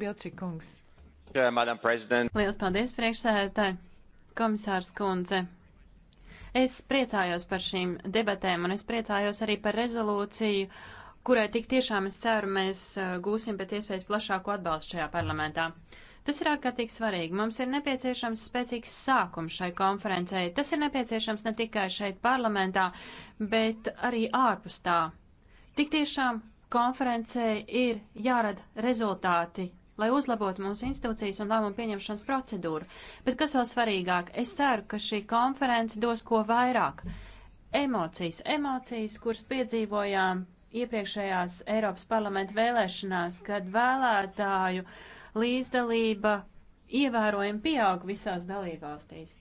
Bilčikungs. Lielas paldies, priekšsēdētāji, komisārs kundze. Es priecājos par šīm debatēm, un es priecājos arī par rezolūciju, kurai tik tiešām es ceru, mēs uh, gūsim pēc iespējas plašāku atbalstu šajā parlamentā. Tas ir ārkārtīgi svarīgi. Mums ir nepieciešams spēcīgs sākums šai konferencei. Tas ir nepieciešams ne tikai šeit parlamentā, bet arī ārpus tā. Tik tiešām konferencē ir jārada rezultāti, lai uzlabotu mūsu institūcijas un lēmumu pieņemšanas procedūru. Bet kas vēl svarīgāk, es ceru, ka šī konference dos ko vairāk. Emocijas, emocijas, kuras piedzīvojām iepriekšējās Eiropas parlamenta vēlēšanās, kad vēlētāju līdzdalība ievērojami pieaug visās dalībvalstīs.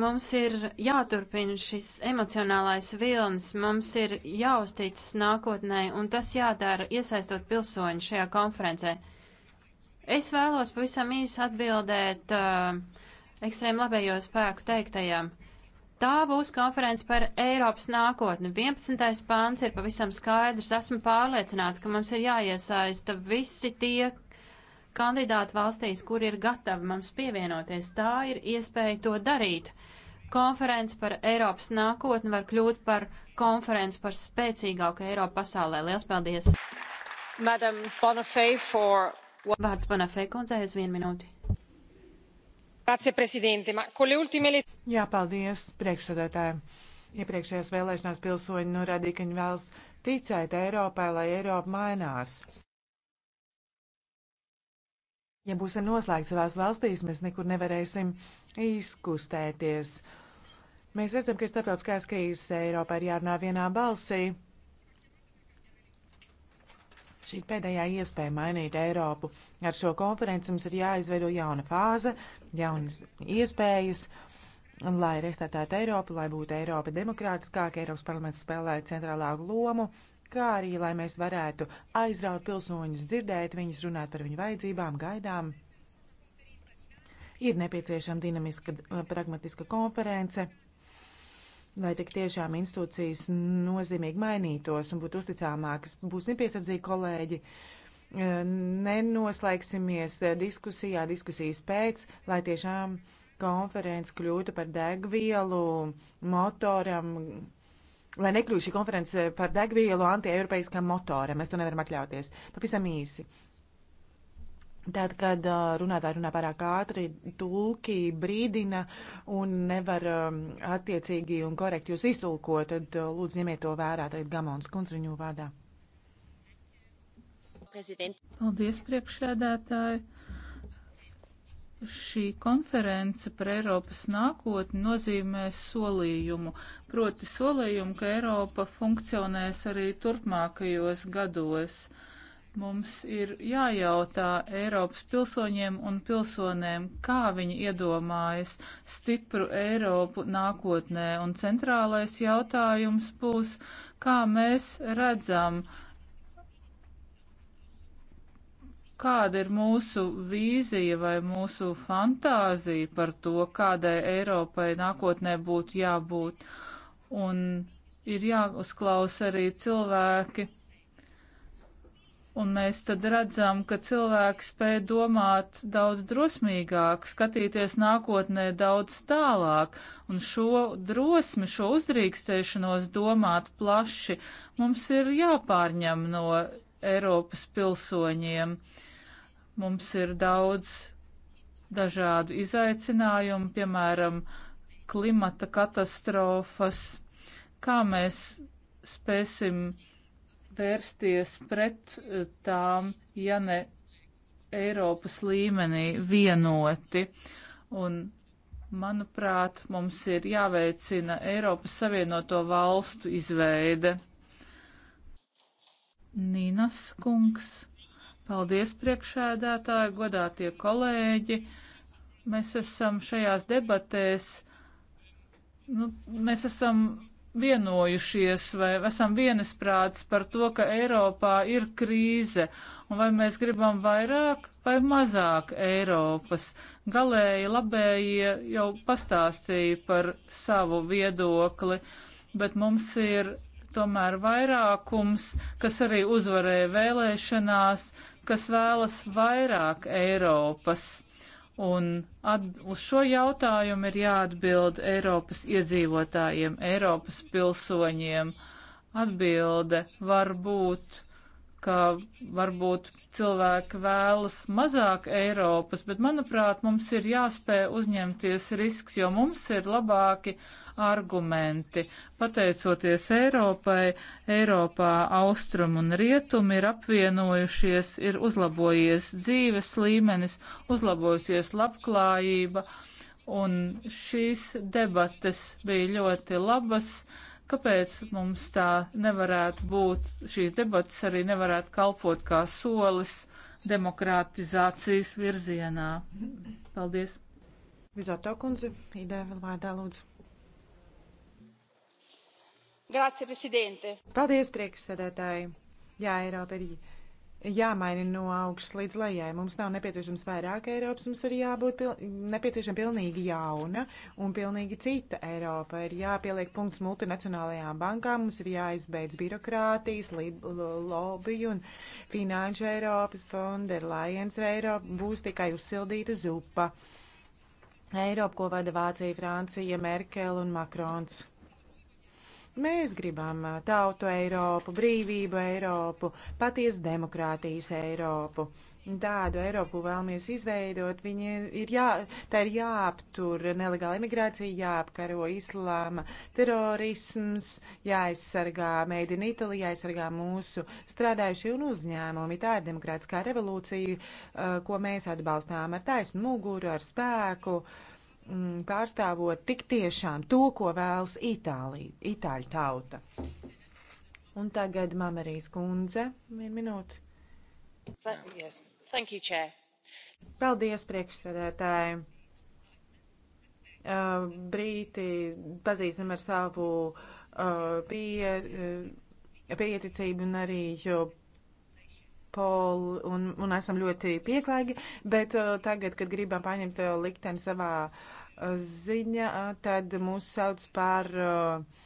Mums ir jāturpina šis emocionālais vilnis, mums ir jāuzticas nākotnē, un tas jādara iesaistot pilsoņu šajā konferencē. Es vēlos pavisam īsi atbildēt uh, ekstrēm labējo spēku teiktajām. Tā būs konference par Eiropas nākotni. 11. pāns ir pavisam skaidrs. Esmu pārliecināts, ka mums ir jāiesaista visi tie kandidāti valstīs, kur ir gatavi mums pievienoties. Tā ir iespēja to darīt. Uh, Konference par Eiropas nākotni var kļūt par konferenci par spēcīgāku Eiropu pasaulē. Lielas paldies! Madam Bonafē for... Vārds Bonafē kundzei uz vienu minūti. Grazie, prezidente. Ma, con le ultime le... Jā, paldies, priekšsēdētāji. Iepriekšējās vēlēšanās pilsoņi norādīja, nu ka viņi vēlas ticēt Eiropai, lai Eiropa mainās. Ja būsim noslēgti savās valstīs, mēs nekur nevarēsim izkustēties. Mēs redzam, ka ir starptautiskās krīzes Eiropā ir jārunā vienā balsī. Šī pēdējā iespēja mainīt Eiropu. Ar šo konferenci mums ir jāizveido jauna fāze, jaunas iespējas, lai restartētu Eiropu, lai būtu Eiropa demokrātiskāka, Eiropas parlaments spēlē centrālāku lomu, kā arī, lai mēs varētu aizraut pilsoņus, dzirdēt viņus, runāt par viņu vajadzībām, gaidām. Ir nepieciešama dinamiska, pragmatiska konference lai tik tiešām institūcijas nozīmīgi mainītos un būtu uzticāmākas. Būsim piesardzīgi kolēģi, e, nenoslēgsimies diskusijā, diskusijas pēc, lai tiešām konferences kļūtu par degvielu motoram, lai nekļūtu šī konference par degvielu antieiropeiskam motoram. Mēs to nevaram atļauties. Pavisam īsi. Tad, kad runātāji runā pārāk ātri, tulki brīdina un nevar attiecīgi un korekti jūs iztulkot, tad lūdzu ņemiet to vērā. Tagad Gamons Kunstriņu vārdā. Paldies, priekšsēdētāji. Šī konference par Eiropas nākotni nozīmē solījumu, proti solījumu, ka Eiropa funkcionēs arī turpmākajos gados. Uh, Mums ir jājautā Eiropas pilsoņiem un pilsonēm, kā viņi iedomājas stipru Eiropu nākotnē, un centrālais jautājums būs, kā mēs redzam kāda ir mūsu vīzija vai mūsu fantāzija par to, kādai Eiropai nākotnē būtu jābūt. Un ir jāuzklaus arī cilvēki, Un mēs tad redzam, ka cilvēks spēj domāt daudz drosmīgāk, skatīties nākotnē daudz tālāk, un šo drosmi, šo uzdrīkstēšanos domāt plaši mums ir jāpārņem no Eiropas pilsoņiem. Mums ir daudz dažādu izaicinājumu, piemēram, klimata katastrofas, kā mēs spēsim vērsties pret eh, tām, ja ne Eiropas līmenī vienoti. Un, manuprāt, mums ir jāveicina Eiropas Savienoto valstu izveide. Nīnas kungs, paldies priekšēdētāji, godātie kolēģi. Mēs esam šajās debatēs, nu, mēs esam vienojušies vai esam vienisprāts par to, ka Eiropā ir krīze un vai mēs gribam vairāk vai mazāk Eiropas. Galēji labējie jau pastāstīja par savu viedokli, bet mums ir tomēr vairākums, kas arī uzvarēja vēlēšanās, kas vēlas vairāk Eiropas Un at, uz šo jautājumu ir jāatbild Eiropas iedzīvotājiem, Eiropas pilsoņiem. Atbilde var būt ka varbūt cilvēki vēlas mazāk Eiropas, bet manuprāt, mums ir jāspēj uzņemties risks, jo mums ir labāki argumenti. Pateicoties Eiropai, Eiropā austrum un rietumi ir apvienojušies, ir uzlabojies dzīves līmenis, uzlabojusies labklājība. Uh, Un šīs debates bija ļoti labas. Kāpēc mums tā nevarētu būt? Šīs debates arī nevarētu kalpot kā solis demokratizācijas virzienā. Paldies! Vizotā kundze, ideja vēl vārdā lūdzu. Grazie, prezidente. Paldies, priekšsēdētāji. Jā, Eiropa ir jāmaina no augšas līdz lejai. Mums nav nepieciešams vairāk Eiropas, mums ir jābūt pil nepieciešama pilnīgi jauna un pilnīgi cita Eiropa. Ir jāpieliek punkts multinacionālajām bankām, mums ir jāizbeidz birokrātijas, lobby un finanšu Eiropas fonda, ir Lions Eiropa, būs tikai uzsildīta zupa. Eiropa, ko vada Vācija, Francija, Merkel un Makrons. Mēs gribam tautu Eiropu, brīvību Eiropu, patiesu demokrātijas Eiropu. Tādu Eiropu vēlamies izveidot. Viņi ir jā, tā ir jāaptur nelegāla imigrācija, jāapkaro islāma terorisms, jāaizsargā Made in Italy, jāaizsargā mūsu strādājušie un uzņēmumi. Tā ir demokrātiskā revolūcija, ko mēs atbalstām ar taisnu muguru, ar spēku. Uh, mm, pārstāvot tik tiešām to, ko vēlas Itālija, Itāļu tauta. Un tagad Mamerijas kundze, vienu minūti. That, yes. Thank you, Chair. Paldies, priekšsēdētāji. Uh, brīti pazīstam ar savu uh, pie, uh, pieticību un arī Pol, un, un esam ļoti pieklājīgi, bet uh, tagad, kad gribam paņemt uh, likteni savā uh, ziņā, tad mūs sauc par uh,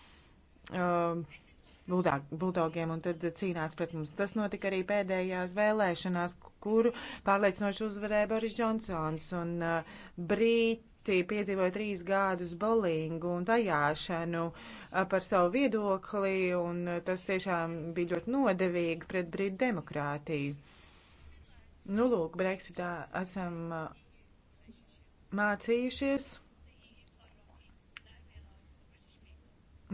uh, buldogiem un tad cīnās pret mums. Tas notika arī pēdējās vēlēšanās, kuru pārliecinoši uzvarēja Boris Džonsons un uh, Brīt pati piedzīvoju trīs gadus bolingu un vajāšanu par savu viedokli, un tas tiešām bija ļoti nodevīgi pret brītu demokrātiju. Nu, lūk, Brexitā esam mācījušies.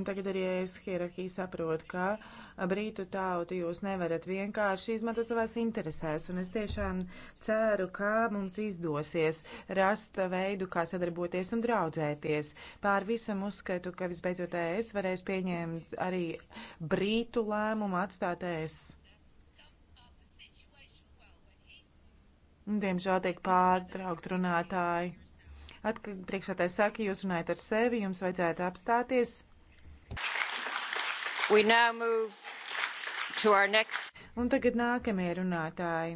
Un tagad arī es hierarhiju saprotu, ka uh, brītu tautu. Jūs nevarat vienkārši izmantot savās interesēs, un es tiešām ceru, ka mums izdosies rast veidu, kā sadarboties un draudzēties. Pār visam uzskatu, ka visbeidzot es varēšu pieņemt arī brītu lēmumu atstāties. Diemžēl tiek pārtraukt runātāji. Atpriekšā tā saka, jūs runājat ar sevi, jums vajadzētu apstāties. Next... Un tagad nākamie runātāji.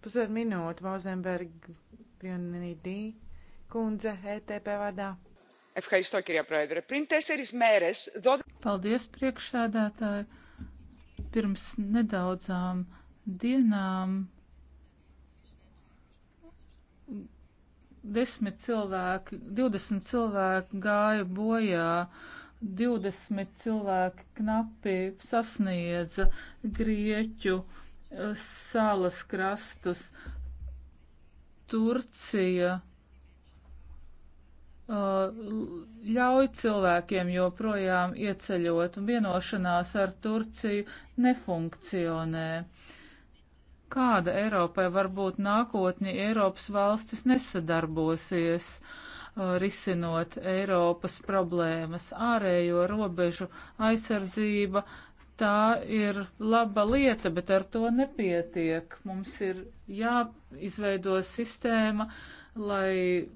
Pusotru minūtu Vozemberga Brionidī kundze ETP vārdā. Paldies, priekšsēdētāji. Pirms nedaudzām dienām desmit cilvēki, 20 cilvēki gāja bojā 20 cilvēki knapi sasniedza Grieķu eh, salas krastus. Turcija eh, ļauj cilvēkiem joprojām ieceļot, un vienošanās ar Turciju nefunkcionē. Kāda Eiropai var būt nākotni, Eiropas valstis nesadarbosies? Uh, Uh, risinot Eiropas problēmas. Ārējo robežu aizsardzība tā ir laba lieta, bet ar to nepietiek. Mums ir jāizveido sistēma, lai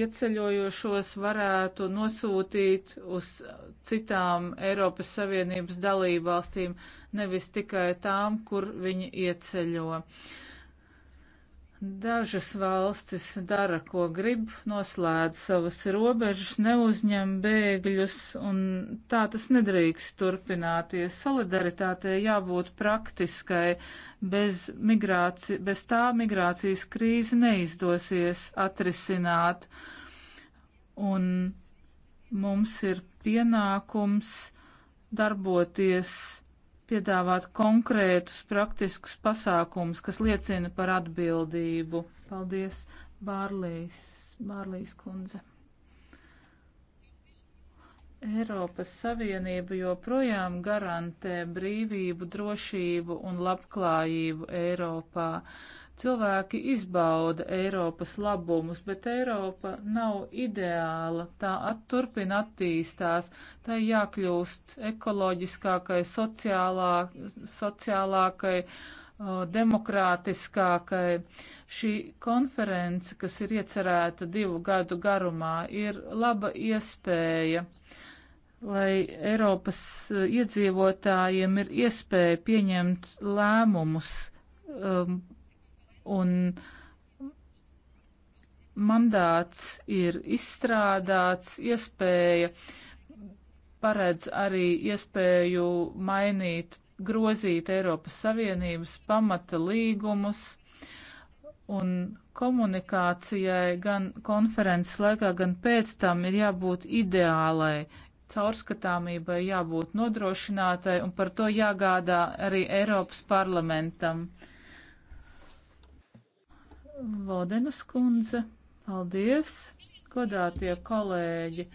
ieceļojošos varētu nosūtīt uz citām Eiropas Savienības dalībvalstīm, nevis tikai tām, kur viņi ieceļo. Uh, Dažas valstis dara, ko grib, noslēdz savas robežas, neuzņem bēgļus, un tā tas nedrīkst turpināties. Solidaritātei jābūt praktiskai, bez, migrāci, bez tā migrācijas krīze neizdosies atrisināt, un mums ir pienākums darboties piedāvāt konkrētus praktiskus pasākumus, kas liecina par atbildību. Paldies, Bārlīs, Bārlīs kundze. Eiropas Savienība joprojām garantē brīvību, drošību un labklājību Eiropā. Cilvēki izbauda Eiropas labumus, bet Eiropa nav ideāla. Tā at, turpina attīstās, tai jākļūst ekoloģiskākai, sociālā, sociālākai, o, demokrātiskākai. Šī konference, kas ir iecerēta divu gadu garumā, ir laba iespēja lai Eiropas e, iedzīvotājiem ir iespēja pieņemt lēmumus um, un mandāts ir izstrādāts, iespēja paredz arī iespēju mainīt, grozīt Eiropas Savienības pamata līgumus, un komunikācijai gan konferences laikā, gan pēc tam ir jābūt ideālai, caurskatāmībai jābūt nodrošinātai, un par to jāgādā arī Eiropas parlamentam. Vodenas kundze, paldies, godātie kolēģi.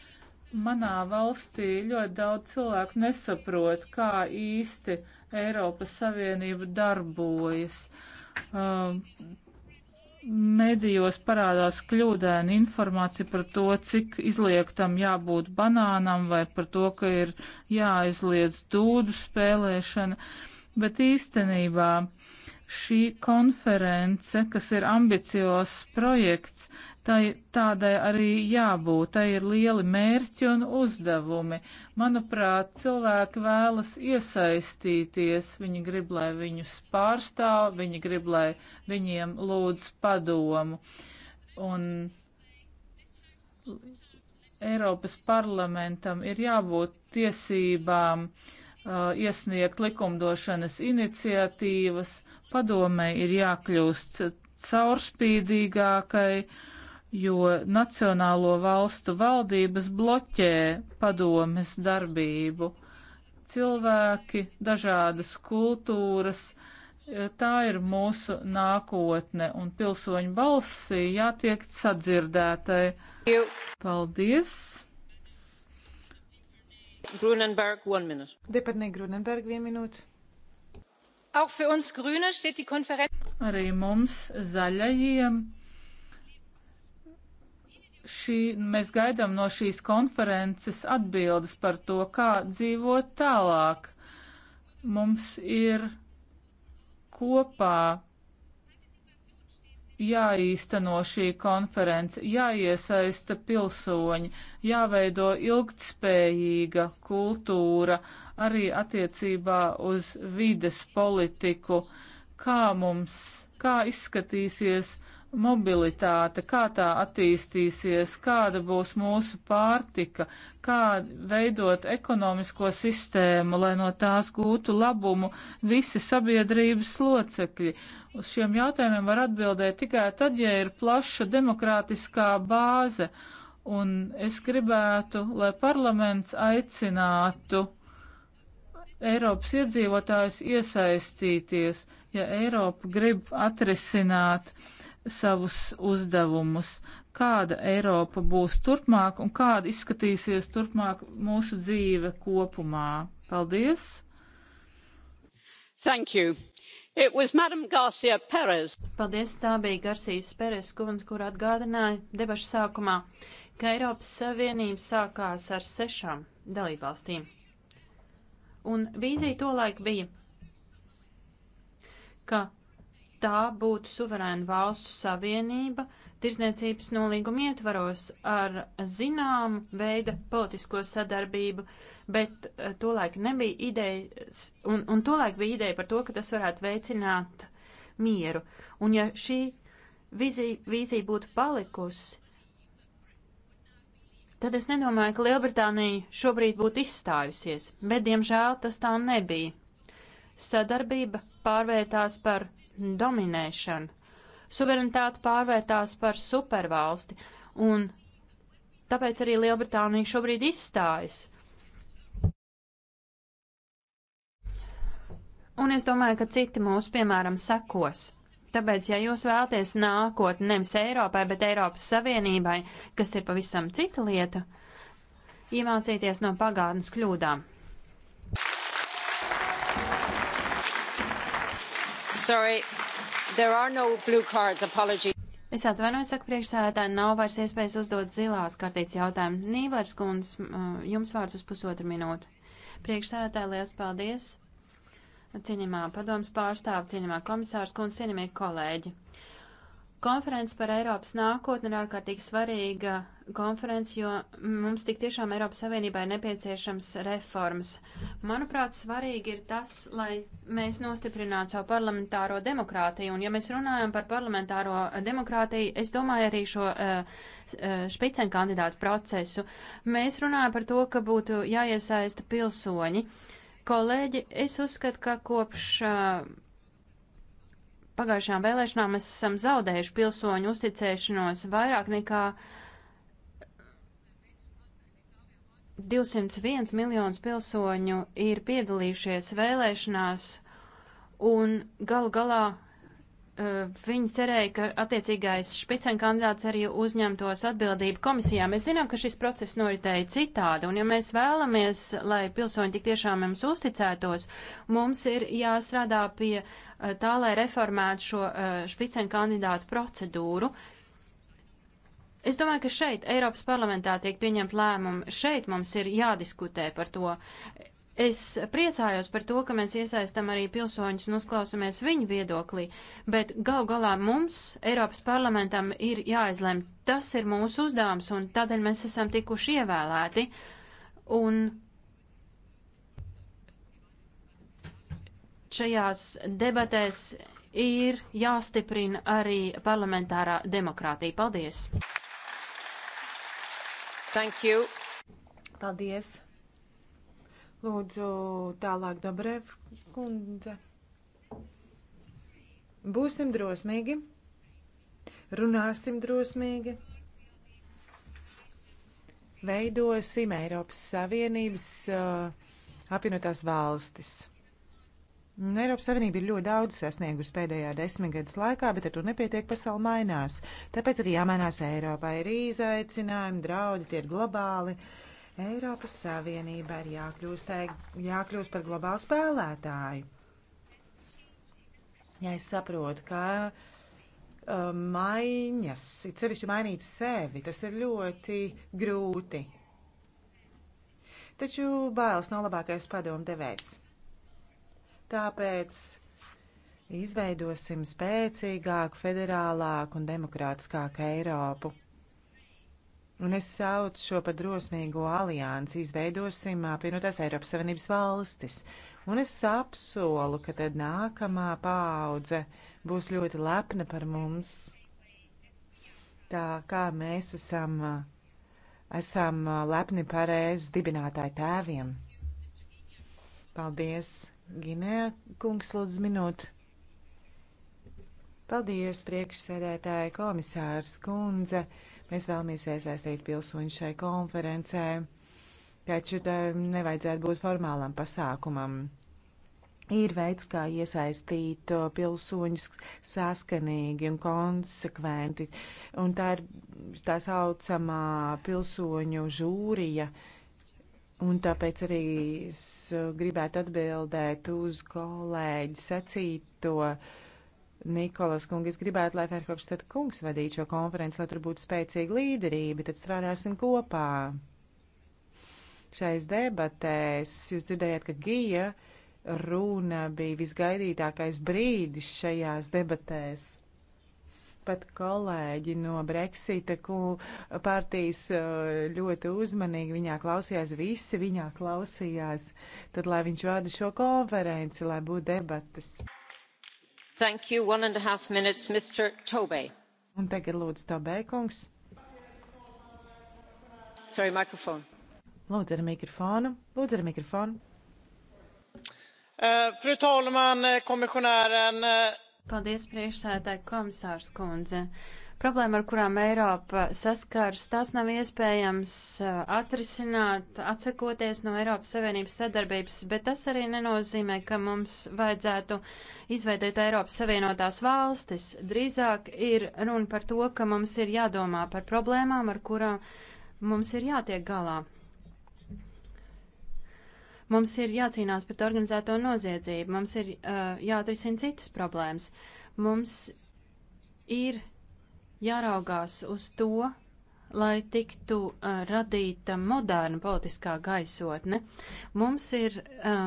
Manā valstī ļoti daudz cilvēku nesaprot, kā īsti Eiropas Savienība darbojas. Um, medijos parādās kļūdēna informācija par to, cik izliektam jābūt banānam vai par to, ka ir jāaizliedz dūdu spēlēšana, bet īstenībā Šī konference, kas ir ambiciozs projekts, tai tādai arī jābūt. Tai ir lieli mērķi un uzdevumi. Manuprāt, cilvēki vēlas iesaistīties. Viņi grib, lai viņus pārstāv, viņi grib, lai viņiem lūdz padomu. Un Eiropas parlamentam ir jābūt tiesībām uh, Uh, iesniegt likumdošanas iniciatīvas, padomē ir jākļūst caurspīdīgākai, jo Nacionālo valstu valdības bloķē padomes darbību. Cilvēki, dažādas kultūras, uh, tā ir mūsu nākotne, un pilsoņu balsī jātiek sadzirdētai. Paldies! Grunenberg, Departnieks Grunenberg, viena minūte. Arī mums zaļajiem šī, mēs gaidām no šīs konferences atbildes par to, kā dzīvot tālāk. Mums ir kopā jāīsteno šī konference, jāiesaista pilsoņi, jāveido ilgtspējīga kultūra arī attiecībā uz vides politiku, kā mums, kā izskatīsies mobilitāte, kā tā attīstīsies, kāda būs mūsu pārtika, kā veidot ekonomisko sistēmu, lai no tās gūtu labumu visi sabiedrības locekļi. Uz šiem jautājumiem var atbildēt tikai tad, ja ir plaša demokrātiskā bāze. Un es gribētu, lai parlaments aicinātu Eiropas iedzīvotājus iesaistīties, ja Eiropa grib atrisināt uh, savus uzdevumus, kāda Eiropa būs turpmāk un kāda izskatīsies turpmāk mūsu dzīve kopumā. Paldies! Thank you. It was Madam Garcia Perez. Paldies, tā bija Garcijas Perez kundze, kur atgādināja debašu sākumā, ka Eiropas Savienība sākās ar sešām dalībvalstīm. Un vīzija tolaik bija, ka tā būtu suverēna valstu savienība tirzniecības nolīguma ietvaros ar zināmu veidu politisko sadarbību, bet eh, tolaik nebija idejas, un, un tolaik bija ideja par to, ka tas varētu veicināt mieru. Un ja šī vizija, vīzija būtu palikusi, tad es nedomāju, ka Lielbritānija šobrīd būtu izstājusies, bet diemžēl tas tā nebija. Sadarbība pārvērtās par dominēšanu. Suverenitāte pārvērtās par supervalsti, un tāpēc arī Lielbritānija šobrīd izstājas. Un es domāju, ka citi mūs, piemēram, sekos. Tāpēc, ja jūs vēlaties nākotni nevis Eiropai, bet Eiropas Savienībai, kas ir pavisam cita lieta, iemācīties no pagātnes kļūdām. Sorry, there are no blue cards, apology. Es atvainojos, saka priekšsēdētāji, nav vairs iespējas uzdot zilās kartītes jautājumu. Nīblers kundz, jums vārds uz pusotru minūtu. Priekšsēdētāji, liels paldies! Cienījumā padoms pārstāv, cienījumā komisārs kundz, cienījumie kolēģi! Konference par Eiropas nākotni ir ārkārtīgi svarīga konference, jo mums tik tiešām Eiropas Savienībā ir nepieciešams reformas. Manuprāt, svarīgi ir tas, lai mēs nostiprinātu savu parlamentāro demokrātiju. Un ja mēs runājam par parlamentāro demokrātiju, es domāju arī šo uh, eh, špicen eh, kandidātu procesu. Mēs runājam par to, ka būtu jāiesaista pilsoņi. Kolēģi, es uzskatu, ka kopš. Uh, pagājušajām vēlēšanām mēs esam zaudējuši pilsoņu uzticēšanos vairāk nekā 201 miljonus pilsoņu ir piedalījušies vēlēšanās, un galu galā uh, viņi cerēja, ka attiecīgais špicen kandidāts arī uzņemtos atbildību komisijā. Mēs zinām, ka šis process noritēja citādi, un ja mēs vēlamies, lai pilsoņi tik tiešām mums uzticētos, mums ir jāstrādā pie Eh, tā, lai reformētu šo eh, špicēnu kandidātu procedūru. Es domāju, ka šeit, Eiropas parlamentā, tiek pieņemt lēmumi. Šeit mums ir jādiskutē par to. Es priecājos par to, ka mēs iesaistam arī pilsoņus un uzklausamies viņu viedoklī, bet gal galā mums, Eiropas parlamentam, ir jāizlem. Tas ir mūsu uzdevums, un tādēļ mēs esam tikuši ievēlēti. Un šajās debatēs ir jāstiprina arī parlamentārā demokrātija. Paldies! Thank you! Paldies! Lūdzu, tālāk Dabrev kundze. Būsim drosmīgi, runāsim drosmīgi, veidosim Eiropas Savienības uh, apvienotās valstis. Eiropas Savienība ir ļoti daudz sasniegusi pēdējā desmitgades laikā, bet ar to nepietiek, pasauli mainās. Tāpēc arī jāmainās Eiropā. Ir izaicinājumi, draudi, tie ir globāli. Eiropas Savienība ir jākļūst, jākļūst par globālu spēlētāju. Ja es saprotu, ka uh, maiņas, it sevišķi mainīt sevi, tas ir ļoti grūti. Taču bailes nav labākais padomdevējs. Tāpēc izveidosim spēcīgāku, federālāku un demokrātiskāku Eiropu. Un es saucu šo par drosmīgo aliansi, izveidosim apvienotās Eiropas Savienības valstis. Un es apsolu, ka tad nākamā paudze būs ļoti lepna par mums. Tā kā mēs esam, esam lepni par ēs dibinātāju tēviem. Paldies! Ginēja kungs, lūdzu, minūti. Paldies, priekšsēdētāja komisārs Kundze. Mēs vēlamies iesaistīt pilsoņu šai konferencē, taču tam nevajadzētu būt formālam pasākumam. Ir veids, kā iesaistīt uh, pilsoņus saskanīgi un konsekventi, un tā ir tā saucamā pilsoņu žūrija. Uh, Un tāpēc arī es uh, gribētu atbildēt uz kolēģi sacīto. Nikolas kungi, es gribētu, lai Ferhofstad kungs vadītu šo konferenci, lai tur būtu spēcīga līderība, tad strādāsim kopā. Šais debatēs jūs dzirdējāt, ka Gija runa bija visgaidītākais brīdis šajās debatēs. Pat kolēģi no Brexita partijas uh, ļoti uzmanīgi viņā klausījās, visi viņā klausījās. Tad, lai viņš vada šo konferenci, lai būtu debatas. Thank you. One and a half minutes, Mr. Tobey. Un tagad lūdzu Tobey kungs. Sorry, microphone. Lūdzu ar mikrofonu. Lūdzu ar mikrofonu. Uh, fru talman, eh, kommissionären. Uh, Paldies, priekšsētāji komisārs kundze. Problēma, ar kurām Eiropa saskars, tās nav iespējams uh, atrisināt, atsakoties no Eiropas Savienības sadarbības, bet tas arī nenozīmē, ka mums vajadzētu izveidot Eiropas Savienotās valstis. Drīzāk ir runa par to, ka mums ir jādomā par problēmām, ar kurām mums ir jātiek galā. Mums ir jācīnās pret organizēto noziedzību, mums ir uh, jāatrisina citas problēmas. Mums ir jāraugās uz to, lai tiktu uh, radīta moderna politiskā gaisotne. Mums ir uh,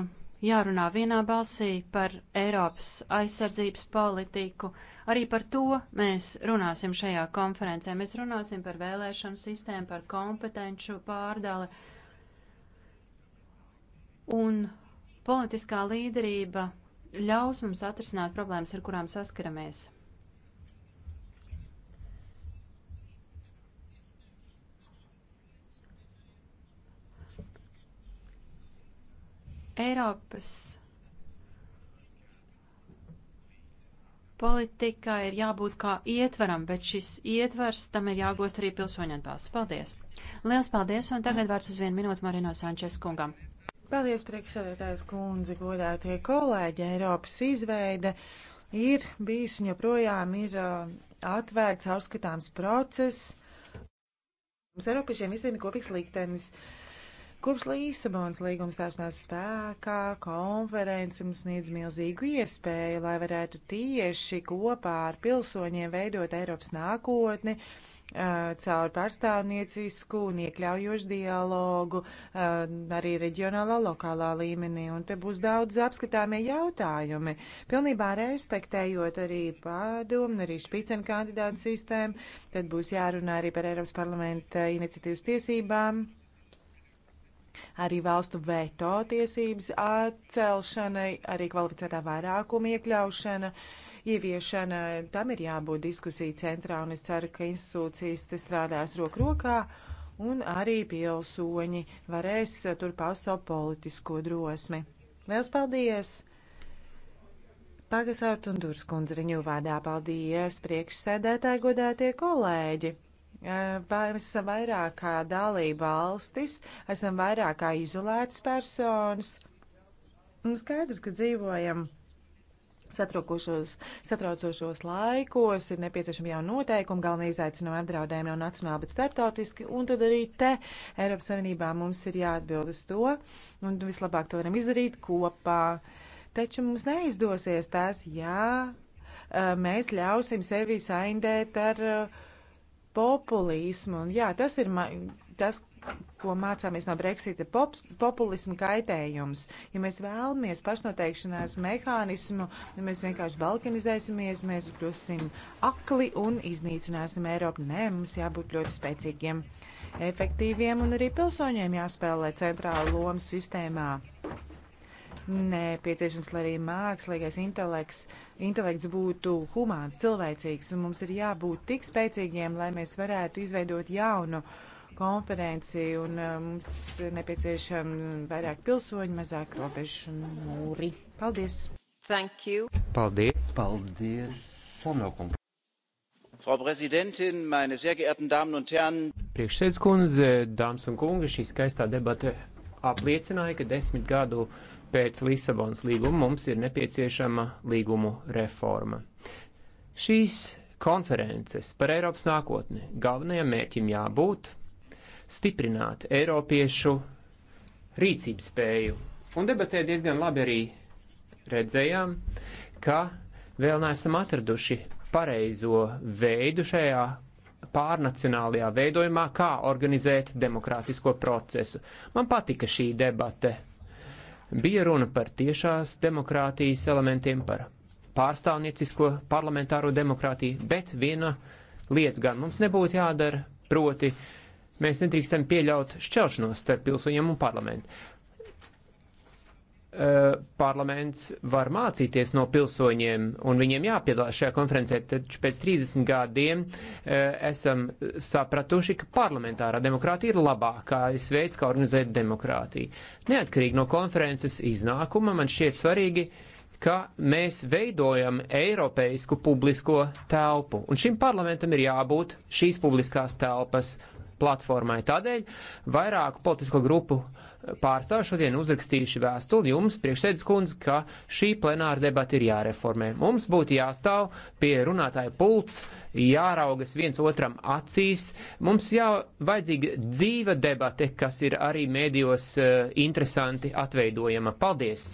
jārunā vienā balsī par Eiropas aizsardzības politiku. Arī par to mēs runāsim šajā konferencē. Mēs runāsim par vēlēšanu sistēmu, par kompetenču pārdali Un politiskā līderība ļaus mums atrisināt problēmas, ar kurām saskaramies. Eiropas politikā ir jābūt kā ietvaram, bet šis ietvars tam ir jāgost arī pilsoņu atbalsts. Paldies! Liels paldies, un tagad vārds uz vienu minūtu Marino Sančes kungam. Paldies, priekšsēdētājs kundze, godātie kolēģi, Eiropas izveide ir bijis un joprojām ir uh, atvērts, caurskatāms process. Mums Eiropiešiem visiem ir kopīgs liktenis. Kopš Līsabonas līguma stāšanās spēkā konference mums sniedz milzīgu iespēju, lai varētu tieši kopā ar pilsoņiem veidot Eiropas nākotni. Uh, Eh, caur pārstāvniecisku un iekļaujošu dialogu eh, arī reģionālā, lokālā līmenī. Un te būs daudz apskatāmie jautājumi, pilnībā respektējot arī padomu, arī špicenu kandidātu sistēmu. Tad būs jārunā arī par Eiropas parlamenta iniciatīvas tiesībām. Arī valstu veto tiesības atcelšanai, arī kvalificētā vairākuma iekļaušana. Uh, ieviešana. Tam ir jābūt diskusija centrā, un es ceru, ka institūcijas te strādās roku rokā, un arī pilsoņi varēs tur paust savu politisko drosmi. Liels paldies! Pagasārt un Durskundziņu vārdā paldies priekšsēdētāji godētie kolēģi. Vai mēs esam vairāk kā dalība valstis, esam vairāk kā izolētas personas? Un skaidrs, ka dzīvojam satraucošos laikos ir nepieciešami jauni noteikumi, galvenie izaicinājumi apdraudējumi nav nacionāli, bet starptautiski, un tad arī te Eiropas Savienībā mums ir jāatbild uz to, un vislabāk to varam izdarīt kopā. Taču mums neizdosies tās, ja mēs ļausim sevi saindēt ar populismu, un jā, tas ir tas, ko mācāmies no Brexita, pops, populismu kaitējums. Ja mēs vēlamies pašnoteikšanās mehānismu, ja mēs vienkārši balkanizēsimies, mēs kļūsim akli un iznīcināsim Eiropu. Nē, mums jābūt ļoti spēcīgiem, efektīviem un arī pilsoņiem jāspēlē centrāla loma sistēmā. Nepieciešams, lai arī mākslīgais intelekts, intelekts būtu humāns, cilvēcīgs, un mums ir jābūt tik spēcīgiem, lai mēs varētu izveidot jaunu uh, konferenci un eh, mums nepieciešam vairāk pilsoņu, mazāk robežu mūri. Paldies! Thank you! Paldies! Paldies! Sanokum. Frau Präsidentin, meine sehr geehrten Damen und Herren! Priekšsēdskundze, dāmas un kungi, šī skaistā debata apliecināja, ka desmit gadu pēc Lisabonas līguma mums ir nepieciešama līgumu reforma. Šīs konferences par Eiropas nākotni galvenajam mērķim jābūt stiprināt Eiropiešu rīcības spēju. Un debatē diezgan labi arī redzējām, ka vēl neesam atraduši pareizo veidu šajā pārnacionālajā veidojumā, kā organizēt demokrātisko procesu. Man patika šī debate. Bija runa par tiešās demokrātijas elementiem, par pārstāvniecisko parlamentāro demokrātiju, bet viena lieta gan mums nebūtu jādara, proti Mēs nedrīkstam pieļaut šķelšanos starp pilsoņiem un parlamentu. Uh, parlaments var mācīties no pilsoņiem, un viņiem jāpiedalās šajā konferencē, taču pēc 30 gadiem uh, esam sapratuši, ka parlamentārā demokrātija ir labākais veids, kā organizēt demokrātiju. Neatkarīgi no konferences iznākuma, man šķiet svarīgi uh, ka mēs veidojam Eiropeisku publisko telpu, un šim parlamentam ir jābūt šīs publiskās telpas platformai. Tādēļ vairāku politisko grupu pārstāvju šodien uzrakstījuši vēstuli jums, priekšsēdus kundze, ka šī plenāra debata ir jāreformē. Mums būtu jāstāv pie runātāja pults, jāraugas viens otram acīs. Mums jau vajadzīga dzīva debate, kas ir arī mēdījos eh, interesanti atveidojama. Paldies!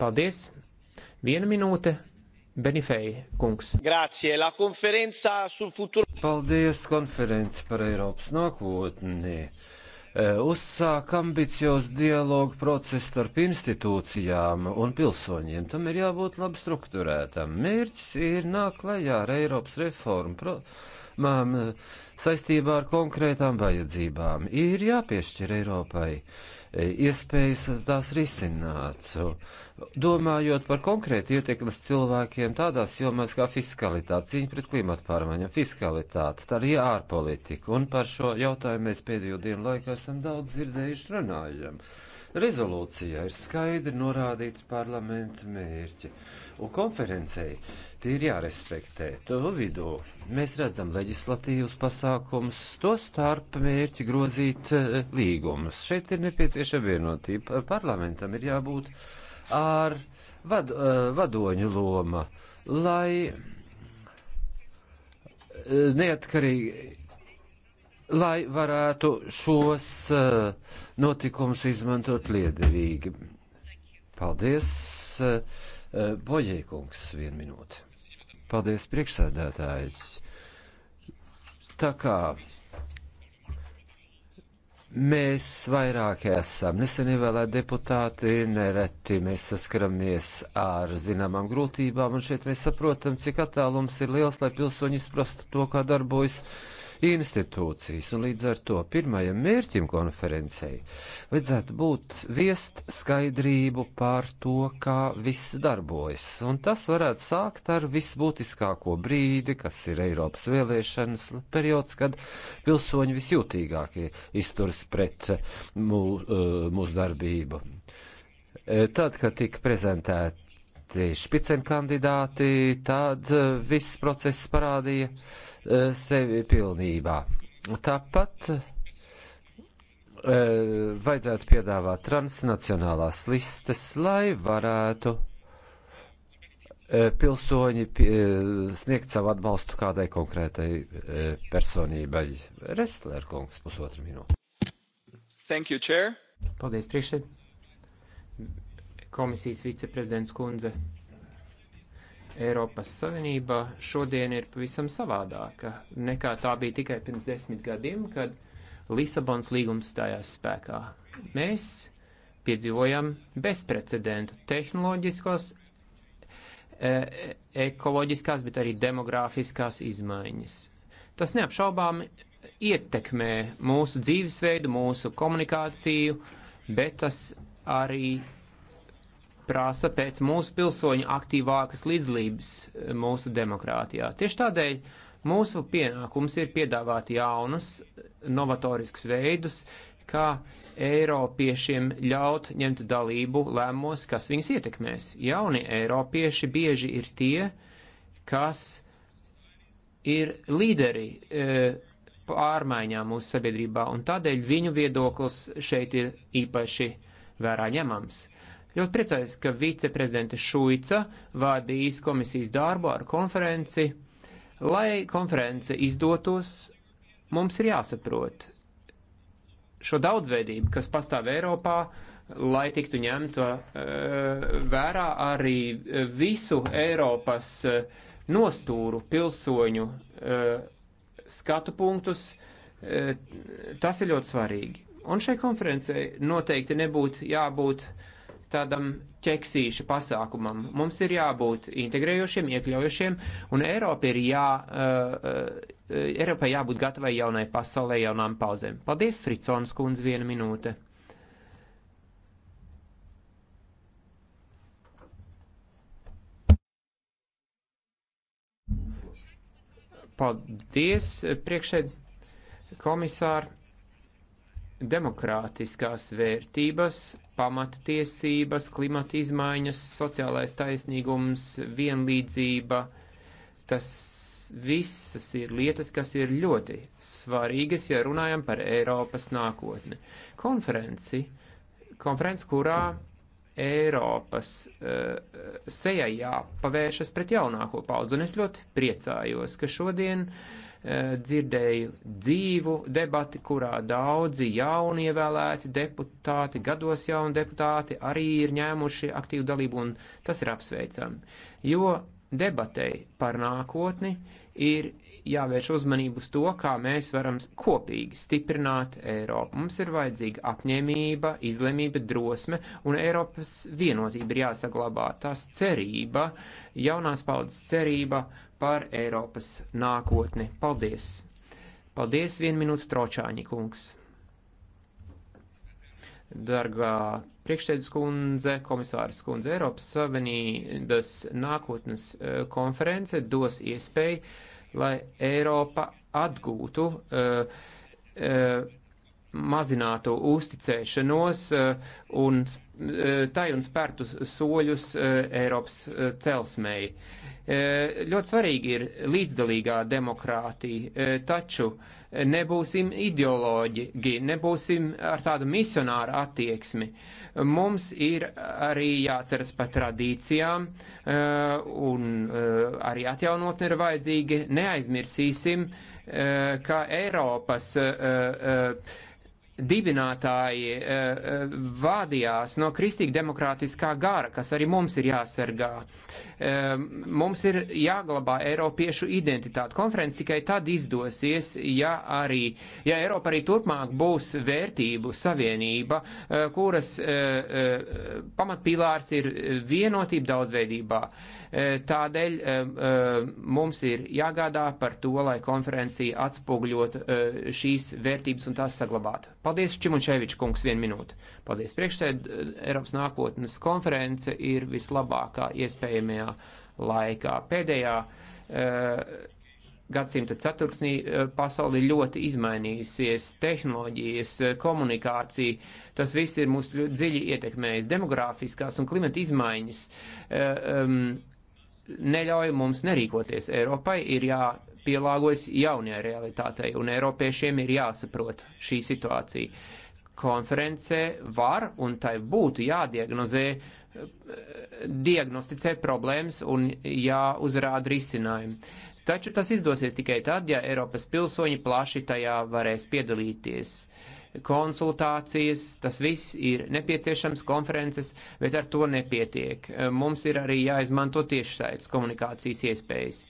Paldies! Viena minūte Benifei kungs. Grācie, la konferenca sul futuro. Paldies konferenci par Eiropas nākotni. E, uzsāk ambicios dialogu procesu starp institūcijām un pilsoņiem. Tam ir jābūt labi strukturētam. Mērķis ir nāk klajā ar Eiropas reformu. Pro mām e, saistībā ar konkrētām vajadzībām ir jāpiešķir Eiropai E, iespējas tās risināt. Domājot par konkrētu ietekmes cilvēkiem tādās jomās kā fiskalitāte, cīņa pret klimatu pārmaiņām, fiskalitāte, tā arī ārpolitika. Un par šo jautājumu mēs pēdējo dienu laikā esam daudz dzirdējuši runājam. Uh, Rezolūcijā ir skaidri norādīti parlamenta mērķi, un konferencei tie ir jārespektē. To vidū mēs redzam leģislatīvus pasākumus, to starp mērķi grozīt eh, līgumus. Šeit ir nepieciešama vienotība. Parlamentam ir jābūt ar vad, eh, vadoņu loma, lai eh, neatkarīgi lai varētu šos eh, notikumus izmantot liederīgi. Paldies, eh, eh, Boļiekungs, vienu minūti. Paldies, priekšsēdētājs. Tā kā mēs vairāk esam nesen ievēlēti deputāti, nereti mēs saskaramies ar zināmām grūtībām, un šeit mēs saprotam, cik attālums ir liels, lai pilsoņi izprastu to, kā darbojas. Uh, institūcijas, un līdz ar to pirmajam mērķim konferencei vajadzētu būt viest skaidrību par to, kā viss darbojas, un tas varētu sākt ar visbūtiskāko brīdi, kas ir Eiropas vēlēšanas periods, kad pilsoņi visjūtīgākie izturas pret mū, uh, mūsu darbību. Uh, tad, kad tika prezentēti špicen kandidāti, tad uh, viss process parādīja, uh, sevi pilnībā. Tāpat e, vajadzētu piedāvāt transnacionālās listes, lai varētu e, pilsoņi sniegt savu atbalstu kādai konkrētai e, personībai. Restlēr kungs, pusotru minūti. Thank you, Chair. Paldies, priekšsēd. Komisijas viceprezidents kundze. Eiropas Savienība šodien ir pavisam savādāka nekā tā bija tikai pirms desmit gadiem, kad Lisabons līgums stājās spēkā. Mēs piedzīvojam bezprecedentu tehnoloģiskos, e, e ekoloģiskās, bet arī demogrāfiskās izmaiņas. Tas neapšaubām ietekmē mūsu dzīvesveidu, mūsu komunikāciju, bet tas arī prasa pēc mūsu pilsoņu aktīvākas līdzlības eh, mūsu demokrātijā. Tieši tādēļ mūsu pienākums ir piedāvāt jaunus, novatoriskus veidus, kā Eiropiešiem ļaut ņemt dalību lēmumos, kas viņus ietekmēs. Jaunie Eiropieši bieži ir tie, kas ir līderi e, pārmaiņām mūsu sabiedrībā, un tādēļ viņu viedoklis šeit ir īpaši vērā ņemams. Ļoti priecājos, ka viceprezidente Šuica vadīs komisijas darbu ar konferenci. Lai konference izdotos, mums ir jāsaprot šo daudzveidību, kas pastāv Eiropā, lai tiktu ņemta eh, vērā arī visu Eiropas eh, nostūru pilsoņu eh, skatu punktus. Tas ir ļoti svarīgi. Un šai konferencei noteikti nebūtu jābūt uh, tādam ķeksīšu pasākumam. Mums ir jābūt integrējošiem, iekļaujošiem, un Eiropa ir jā, uh, uh, Eiropai jābūt gatavai jaunai pasaulē, jaunām paudzēm. Paldies, Fritsons kundze, viena minūte. Paldies, priekšēd komisāri demokrātiskās vērtības, pamattiesības, klimata izmaiņas, sociālais taisnīgums, vienlīdzība. Tas visas ir lietas, kas ir ļoti svarīgas, ja runājam par Eiropas nākotni. Konferenci, konferenci kurā Eiropas uh, eh, sejā jāpavēršas pret jaunāko paudzi, un es ļoti priecājos, ka šodien uh, Eh, dzirdēju dzīvu debati, kurā daudzi jaunievēlēti deputāti, gados jauni deputāti arī ir ņēmuši aktīvu dalību, un tas ir apsveicami. Jo debatei par nākotni ir jāvērš uzmanību uz to, kā mēs varam kopīgi stiprināt Eiropu. Mums ir vajadzīga apņēmība, izlemība, drosme, un Eiropas vienotība ir jāsaglabā. Tās cerība, jaunās paudzes cerība par Eiropas nākotni. Paldies! Paldies, vienu minūtu tročāņi kungs! Dargā priekšsēdus kundze, komisāras kundze, Eiropas Savienības nākotnes e, konference dos iespēju, lai Eiropa atgūtu uh, uh, mazinātu uzticēšanos eh, un eh, tai un spērtu soļus eh, Eiropas celsmēji. Ļoti svarīgi ir līdzdalīgā demokrātija, taču nebūsim ideoloģi, nebūsim ar tādu misionāru attieksmi. Mums ir arī jāceras par tradīcijām, un arī atjaunotni ir vajadzīgi. Neaizmirsīsim, ka Eiropas uh, uh, dibinātāji uh, vādījās no kristīgi demokrātiskā gara, kas arī mums ir jāsargā. Uh, mums ir jāglabā Eiropiešu identitāte. Konferences tikai tad izdosies, ja, arī, ja Eiropa arī turpmāk būs vērtību savienība, uh, kuras pamatpilārs ir vienotība daudzveidībā. Tādēļ mums ir jāgādā par to, lai konferencija atspoguļot šīs vērtības un tās saglabātu. Paldies, Čimunčevičs kungs, vienu minūti. Paldies, priekšsēd, Eiropas nākotnes konference ir vislabākā iespējamajā laikā. Pēdējā uh, gadsimta ceturksnī e, pasauli ļoti izmainījusies, tehnoloģijas, e, komunikācija, tas viss ir mūs dziļi ietekmējis, demogrāfiskās un klimata izmaiņas. Um, neļauj mums nerīkoties. Eiropai ir jā pielāgojas jaunajai realitātei, un Eiropiešiem ir jāsaprot šī situācija. Konferencē var un tai būtu jādiagnozē, diagnosticē problēmas un jāuzrāda risinājumi. Taču tas izdosies tikai tad, ja Eiropas pilsoņi plaši tajā varēs piedalīties. Konsultācijas, tas viss ir nepieciešams, konferences, bet ar to nepietiek. Mums ir arī jāizmanto tiešsaites komunikācijas iespējas.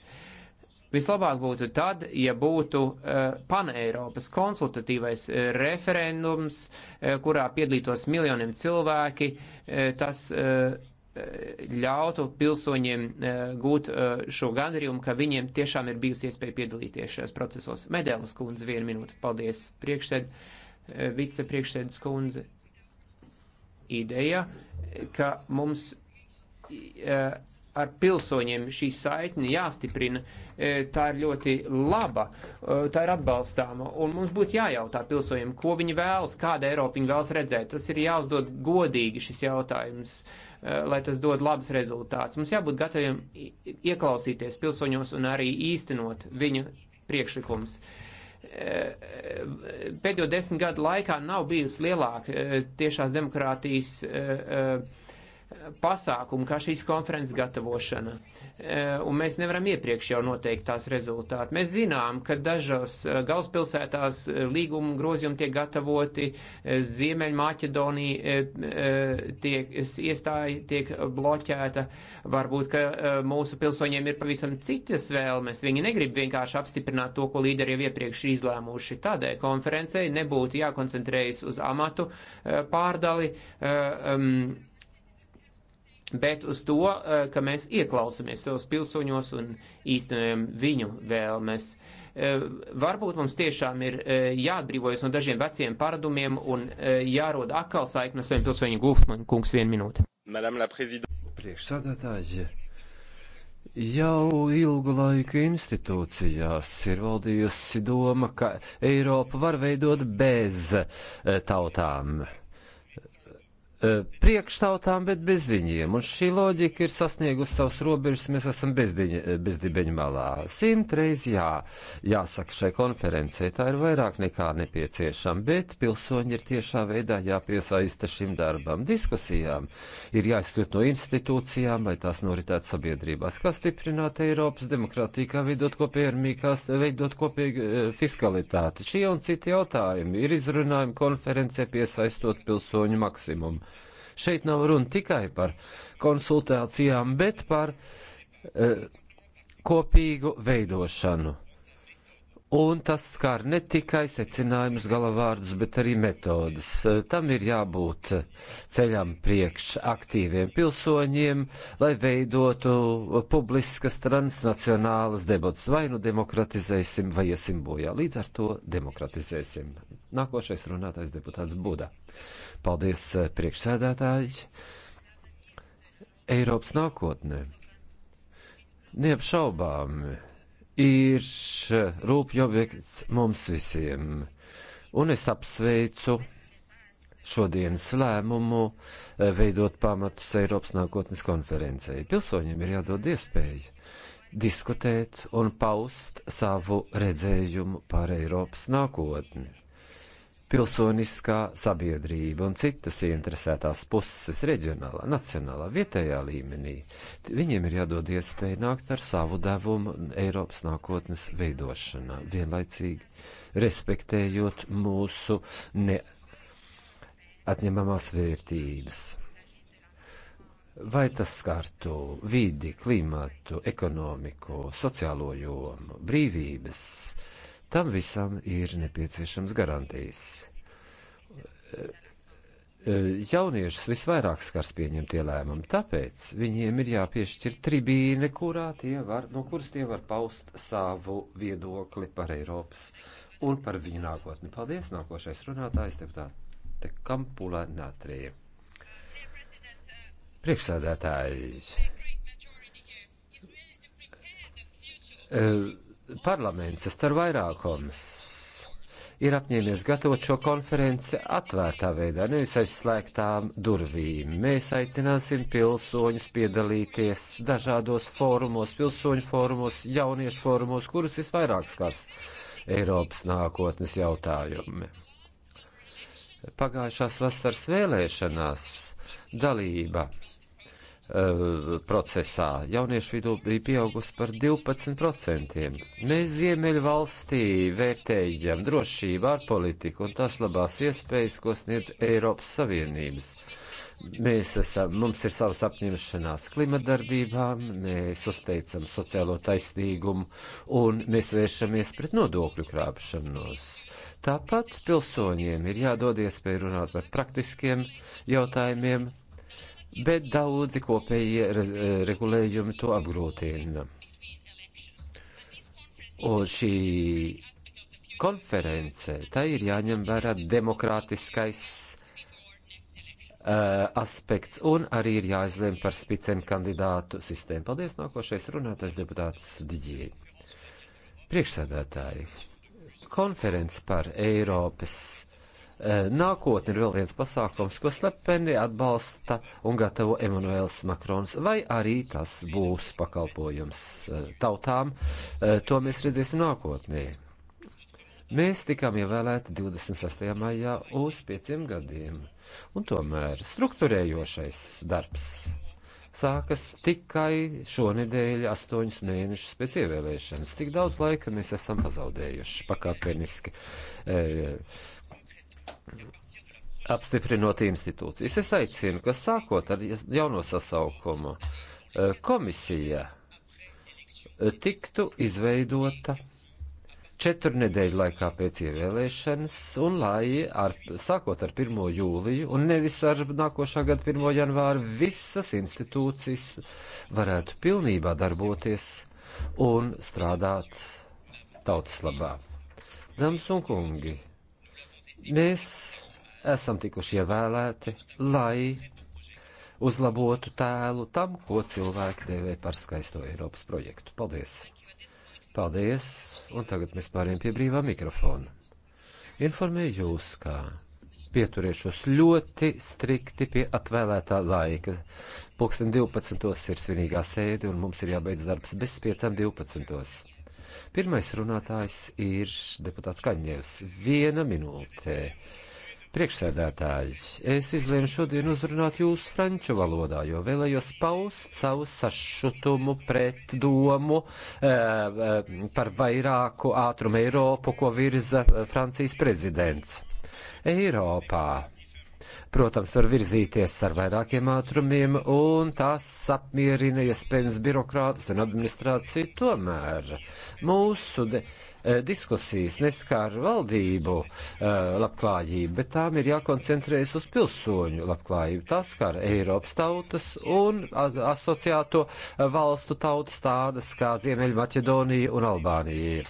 Vislabāk būtu tad, ja būtu uh, paneiropas konsultatīvais uh, referendums, uh, kurā piedalītos miljoniem cilvēki, uh, tas uh, ļautu pilsoņiem uh, gūt uh, šo gandarījumu, ka viņiem tiešām ir bijusi iespēja piedalīties šajos procesos. Medēlas kundze, vienu minūti, paldies, priekšsēd, uh, vicepriekšsēdas kundze. Ideja, ka mums. Uh, ar pilsoņiem šī saikne jāstiprina, e, tā ir ļoti laba, e, tā ir atbalstāma, un mums būtu jājautā pilsoņiem, ko viņi vēlas, kāda Eiropa viņi vēlas redzēt. Tas ir jāuzdod godīgi šis jautājums, e, lai tas dod labs rezultāts. Mums jābūt gataviem ieklausīties pilsoņos un arī īstenot viņu priekšlikums. Pēdējo desmit gadu laikā nav bijusi lielāka tiešās demokrātijas uh, uh, pasākumu, kā šīs konferences gatavošana. E, un mēs nevaram iepriekš jau noteikt tās rezultātu. Mēs zinām, ka dažās e, galvaspilsētās e, līguma grozījumi tiek gatavoti, Ziemeļmaķedonija tiek, iestāja tiek bloķēta. Varbūt, ka mūsu pilsoņiem ir pavisam citas vēlmes. Viņi negrib vienkārši apstiprināt to, ko līderi jau iepriekš ir izlēmuši. Tādēļ konferencei nebūtu jākoncentrējas uz amatu pārdali. Um, bet uz to, eh, ka mēs ieklausamies savos pilsoņos un īstenojam viņu vēlmes. Eh, varbūt mums tiešām ir eh, jāatbrīvojas no dažiem veciem paradumiem un jārod atkal saikni no saviem pilsoņiem. Glūksman, kungs, vienu minūti. Priekšsādātāji, Jau ilgu laiku institūcijās ir valdījusi doma, ka Eiropa var veidot bez tautām. Eh, priekštautām, bet bez viņiem. Un šī loģika ir sasniegusi savus robežus, mēs esam bezdiņa, eh, bezdibeņu malā. Simtreiz jā, jāsaka šai konferencē, tā ir vairāk nekā nepieciešama, bet pilsoņi ir tiešā veidā jāpiesaista šim darbam. Diskusijām ir jāizkļūt no institūcijām, lai tās noritētu sabiedrībās, kā stiprināt Eiropas demokrātiju, kā veidot kopējumī, kā veidot kopēju eh, fiskalitāti. Šie un citi jautājumi ir izrunājumi konferencē piesaistot pilsoņu maksimumu. Šeit nav runa tikai par konsultācijām, bet par uh, kopīgu veidošanu. Un tas skar ne tikai secinājumus, galavārdus, bet arī metodas. Tam ir jābūt ceļam priekš aktīviem pilsoņiem, lai veidotu publiskas transnacionālas debatas. Vai nu demokratizēsim, vai iesim bojā. Līdz ar to demokratizēsim. Nākošais runātais deputāts Buda. Paldies, eh, priekšsēdētāji. Eiropas nākotnē. Neapšaubāmi ir eh, rūpju objekts mums visiem. Un es apsveicu šodienas lēmumu eh, veidot pamatus Eiropas nākotnes konferencei. Pilsoņiem ir jādod iespēja diskutēt un paust savu redzējumu par Eiropas nākotni pilsoniskā sabiedrība un citas interesētās puses reģionālā, nacionālā, vietējā līmenī. Viņiem ir jādod iespēja nākt ar savu devumu Eiropas nākotnes veidošanā, vienlaicīgi respektējot mūsu neatņemamās vērtības. Vai tas skartu vidi, klimatu, ekonomiku, sociālo jomu, brīvības, uh, Tam visam ir nepieciešams garantijas. E, e, jauniešus visvairāk skars pieņemtie lēmumi, tāpēc viņiem ir jāpiešķir tribīne, kurā tie var, no kuras tie var paust savu viedokli par Eiropas un par viņu nākotni. Paldies, nākošais runātājs deputāte Kampula Natrija. Priekšsēdētājs. Uh, parlaments, es ceru vairākums, ir apņēmies gatavot šo konferenci atvērtā veidā, nevis aizslēgtām durvīm. Mēs aicināsim pilsoņus piedalīties dažādos fórumos, pilsoņu fórumos, jauniešu fórumos, kurus visvairāk skars Eiropas nākotnes jautājumi. Pagājušās vasaras vēlēšanās dalība Eh, procesā. Jauniešu vidū bija pieaugusi par 12%. Mēs Ziemeļu valstī vērtējam drošību ar politiku un tās labās iespējas, ko sniedz Eiropas Savienības. Mēs esam, mums ir savas apņemšanās klimatdarbībām, mēs uzteicam sociālo taisnīgumu un mēs vēršamies pret nodokļu krāpšanos. Tāpat pilsoņiem ir jādod iespēja runāt par praktiskiem jautājumiem, bet daudzi kopējie re e, regulējumi to apgrūtina. Un šī konference, tai ir jāņem vērā demokrātiskais uh, aspekts, un arī ir jāizlem par spicen kandidātu sistēmu. Paldies, nākošais runātais deputāts Diģī. Priekšsēdētāji, konference par Eiropas Eh, Nākotne ir vēl viens pasākums, ko slepeni atbalsta un gatavo Emanuēls Makrons, vai arī tas būs pakalpojums eh, tautām. Eh, to mēs redzēsim nākotnē. Mēs tikām ievēlēti 26. maijā uz pieciem gadiem, un tomēr struktūrējošais darbs sākas tikai šonedēļ, astoņus mēnešus pēc ievēlēšanas. Cik daudz laika mēs esam pazaudējuši pakāpeniski. E, apstiprinot institūcijas. Es aicinu, ka sākot ar jauno sasaukumu eh, komisija eh, tiktu izveidota četru nedēļu laikā pēc ievēlēšanas, un lai ar, sākot ar 1. jūliju un nevis ar nākošā gada 1. janvāru visas institūcijas varētu pilnībā darboties un strādāt tautas labā. Dāmas un kungi! Mēs esam tikuši ievēlēti, lai uzlabotu tēlu tam, ko cilvēki dēvē par skaisto Eiropas projektu. Paldies! Paldies! Un tagad mēs pāriem pie brīvā mikrofona. Informēju jūs, kā pieturēšos ļoti strikti pie atvēlētā laika. Pūksteni 12. ir svinīgā sēde, un mums ir jābeidz darbs bez 5.12. Pirmais runātājs ir deputāts Kaņģevs. Viena minūte. Priekšsēdētājs, es izlēmu šodien uzrunāt jūs franču valodā, jo vēlējos paust savu sašutumu pret domu e, e, par vairāku ātrumu Eiropu, ko virza eh, Francijas prezidents. Eiropā protams, var virzīties ar vairākiem ātrumiem, un tas apmierina iespējams ja birokrātus un administrāciju. Tomēr mūsu eh, diskusijas neskāra valdību uh, labklājību, bet tām ir jākoncentrējas uz pilsoņu labklājību. Tas skar Eiropas tautas un asociēto valstu tautas tādas kā Ziemeļmaķedonija un Albānija.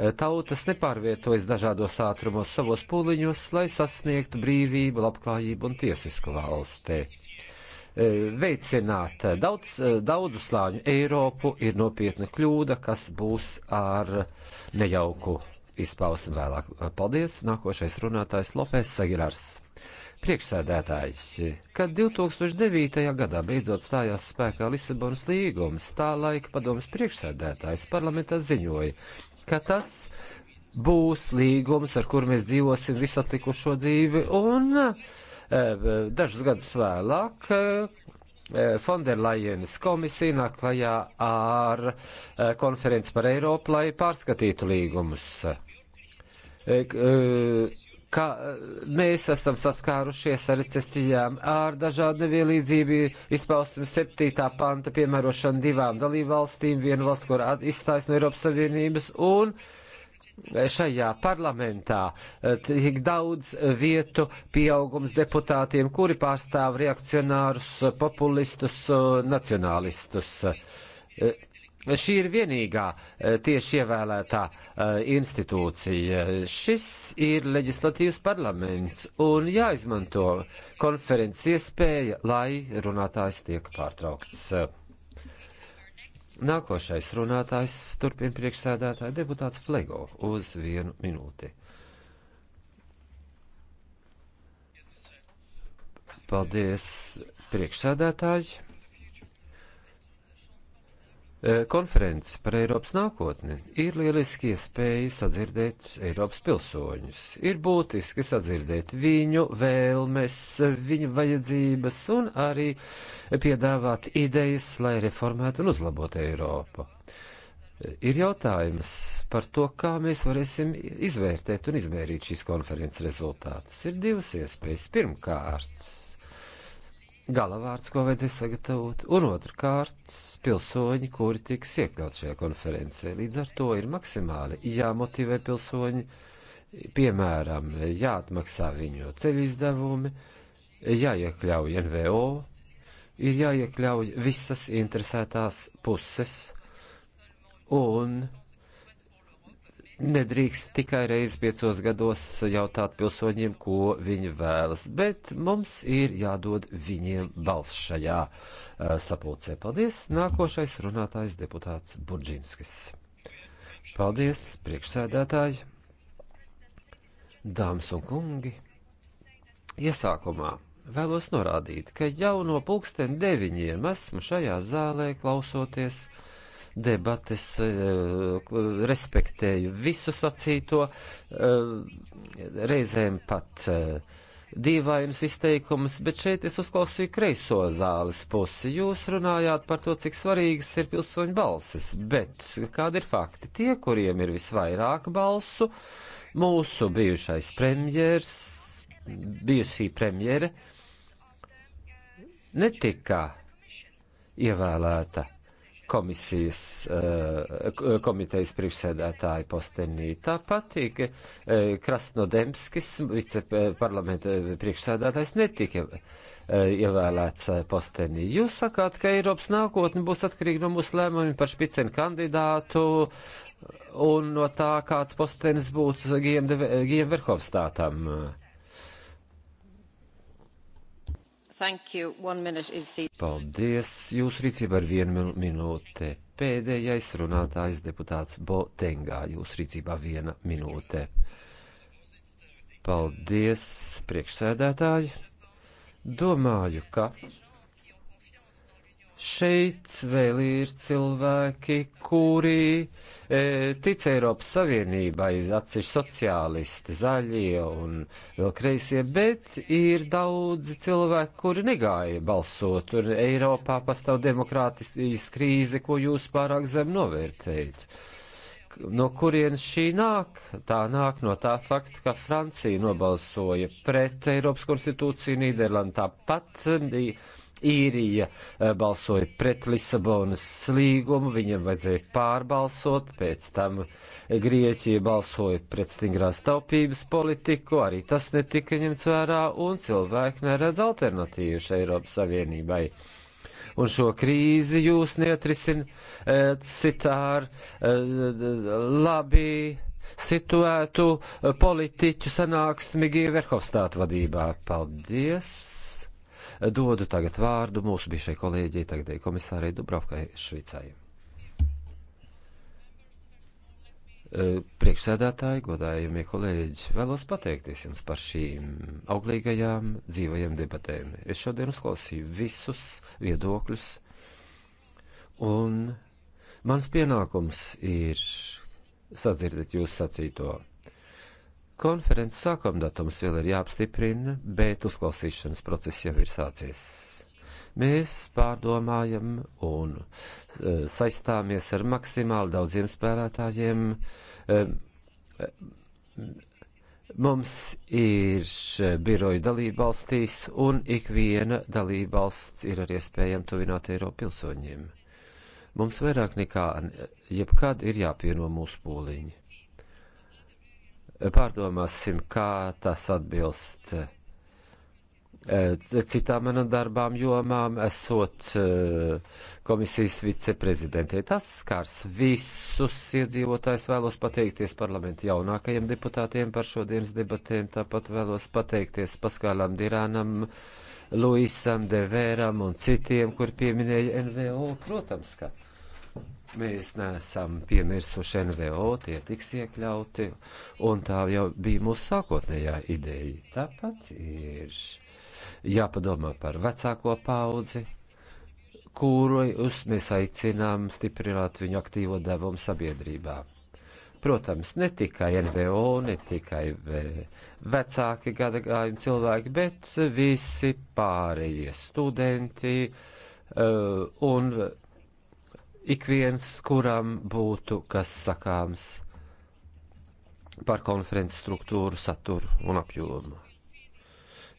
Eh, tautas nepārvietojas dažādos ātrumos savos pūliņos, lai sasniegtu brīvību, labklājību un tiesisku valstī. Eh, veicināt daudz, eh, daudzu slāņu Eiropu ir nopietna kļūda, kas būs ar nejauku izpausmi vēlāk. Paldies! Nākošais runātājs Lopēs Sagirars. Priekšsēdētājs, kad 2009. gadā beidzot stājās spēkā Lisabonas līgums, tā laika padomas priekšsēdētājs parlamentā ziņoja, ka tas būs līgums, ar kur mēs dzīvosim visu atlikušo dzīvi, un eh, dažus gadus vēlāk Fonderlajenas eh, komisija nāk klajā ar eh, konferenci par Eiropu, lai pārskatītu līgumus ka eh, mēs esam saskārušies ar recesijām, ar dažādu nevienlīdzību, izpausmi 7. panta piemērošanu divām dalībvalstīm, vienu valstu, kur izstājas no Eiropas Savienības, un eh, šajā parlamentā eh, tik daudz vietu pieaugums deputātiem, kuri pārstāv reakcionārus, populistus, nacionālistus. Šī ir vienīgā eh, tieši ievēlētā eh, institūcija. Šis ir leģislatīvs parlaments un jāizmanto konferences iespēja, lai runātājs tiek pārtraukts. Nākošais runātājs turpina priekšsēdētāja deputāts Flego uz vienu minūti. Paldies, priekšsēdētāji! Eh, Konference par Eiropas nākotni ir lieliski iespēja sadzirdēt Eiropas pilsoņus. Ir būtiski sadzirdēt viņu vēlmes, viņu vajadzības un arī piedāvāt idejas, lai reformētu un uzlabotu Eiropu. Eh, ir jautājums par to, kā mēs varēsim izvērtēt un izmērīt šīs konferences rezultātus. Ir divas iespējas. Pirmkārt, galavārds, ko vajadzēs sagatavot, un otrkārt pilsoņi, kuri tiks iekļaut šajā konferencē. Līdz ar to ir maksimāli jāmotivē pilsoņi, piemēram, jāatmaksā viņu ceļu izdevumi, jāiekļauj NVO, ir jāiekļauj visas interesētās puses, un Nedrīkst tikai reizi piecos gados jautāt pilsoņiem, ko viņi vēlas, bet mums ir jādod viņiem balss šajā uh, sapulcē. Paldies! Nākošais runātājs deputāts Budžinskis. Paldies, priekšsēdētāji, dāmas un kungi! Iesākumā vēlos norādīt, ka jau no pulksten deviņiem esmu šajā zālē klausoties uh, debates, e, respektēju visu sacīto, e, reizēm pat e, dīvainus izteikumus, bet šeit es uzklausīju kreiso zāles pusi. Jūs runājāt par to, cik svarīgas ir pilsoņu balsis, bet kādi ir fakti? Tie, kuriem ir visvairāk balsu, mūsu bijušais premjers, bijusī premjere, netika ievēlēta komisijas eh, komitejas priekšsēdētāja postenī. Tāpat eh, Krasnodemskis, viceparlamenta eh, priekšsēdētājs, netika ievēlēts postenī. Jūs sakāt, ka Eiropas nākotne būs atkarīga no mūsu lēmumiem par špicenu kandidātu un no tā, kāds postenis būtu Gijam Verhofstātam. The... Paldies! Jūsu rīcība ir viena minūte. Pēdējais runātājs deputāts Botengā. Jūsu rīcībā viena minūte. Paldies, priekšsēdētāji! Domāju, ka šeit vēl ir cilvēki, kuri e, tic Eiropas Savienībai, atsevišķi sociālisti, zaļie un vēl kreisie, bet ir daudzi cilvēki, kuri negāja balsot. Tur Eiropā pastāv demokrātijas krīze, ko jūs pārāk zem novērtējat. No kurienes šī nāk? Tā nāk no tā fakta, ka Francija nobalsoja pret Eiropas konstitūciju Nīderlandā pat. E, īrija eh, balsoja pret Lisabonas līgumu, viņiem vajadzēja pārbalsot, pēc tam Grieķija balsoja pret stingrās taupības politiku, arī tas netika ņemts vērā, un cilvēki neredz alternatīvu šai Eiropas Savienībai. Un šo krīzi jūs neatrisināt ar eh, labi situētu politiķu sanāksmi Gīverhofstāta vadībā. Paldies! Dodu tagad vārdu mūsu bijušai kolēģei, tagadēji komisārai Dubravkai Švicai. E, priekšsēdētāji, godājumie kolēģi, vēlos pateikties jums par šīm auglīgajām, dzīvajām debatēm. Es šodien uzklausīju visus viedokļus, un mans pienākums ir sadzirdēt jūsu sacīto. Konferences sākuma datums vēl ir jāapstiprina, bet uzklausīšanas process jau ir sācies. Mēs pārdomājam un e, saistāmies ar maksimāli daudziem spēlētājiem. E, e, Mums ir biroja dalībvalstīs, un ik viena dalībvalsts ir arī iespējama tuvināt Eiropu pilsoņiem. Mums vairāk nekā jebkad ir jāpieno mūsu pūliņi pārdomāsim, kā tas atbilst eh, citām manam darbām jomām, esot eh, komisijas viceprezidentē. Tas skars visus iedzīvotājs. Vēlos pateikties parlamentu jaunākajiem deputātiem par šodienas debatēm. Tāpat vēlos pateikties Paskālam Dirānam, Luisam Devēram un citiem, kur pieminēja NVO. Protams, ka. Mēs neesam piemirsuši NVO, tie tiks iekļauti, un tā jau bija mūsu sākotnējā ideja. Tāpat ir jāpadomā par vecāko paudzi, kurus mēs aicinām stiprināt viņu aktīvo devumu sabiedrībā. Protams, ne tikai NVO, ne tikai vecāki gadagājumi cilvēki, bet visi pārējie studenti uh, un ik viens, kuram būtu kas sakāms par konferences struktūru, saturu un apjomu.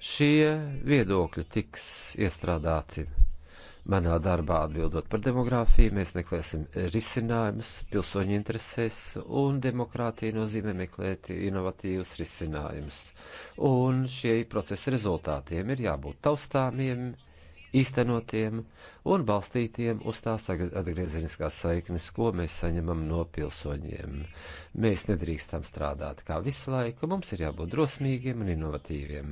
Šie viedokļi tiks iestrādāti manā darbā atbildot par demogrāfiju. Mēs meklēsim risinājumus pilsoņu interesēs, un demokrātija nozīmē meklēt inovatīvus risinājumus. Un šie procesa rezultātiem ir jābūt taustāmiem, īstenotiem un balstītiem uz tās atgriezeniskās saiknes, ko mēs saņemam no pilsoņiem. Mēs nedrīkstam strādāt kā visu laiku, mums ir jābūt drosmīgiem un inovatīviem.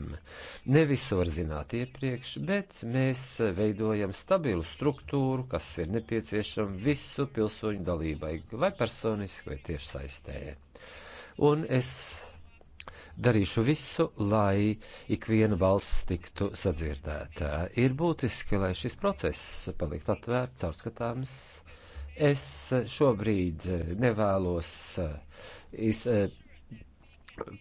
Ne visu var zināt iepriekš, bet mēs veidojam stabilu struktūru, kas ir nepieciešama visu pilsoņu dalībai, vai personiski, vai tieši saistē. Un es darīšu visu, lai ikviena balss tiktu sadzirdēta. Ir būtiski, lai šis process paliktu atvērts, caurskatāms. Es šobrīd nevēlos eh, iz, eh,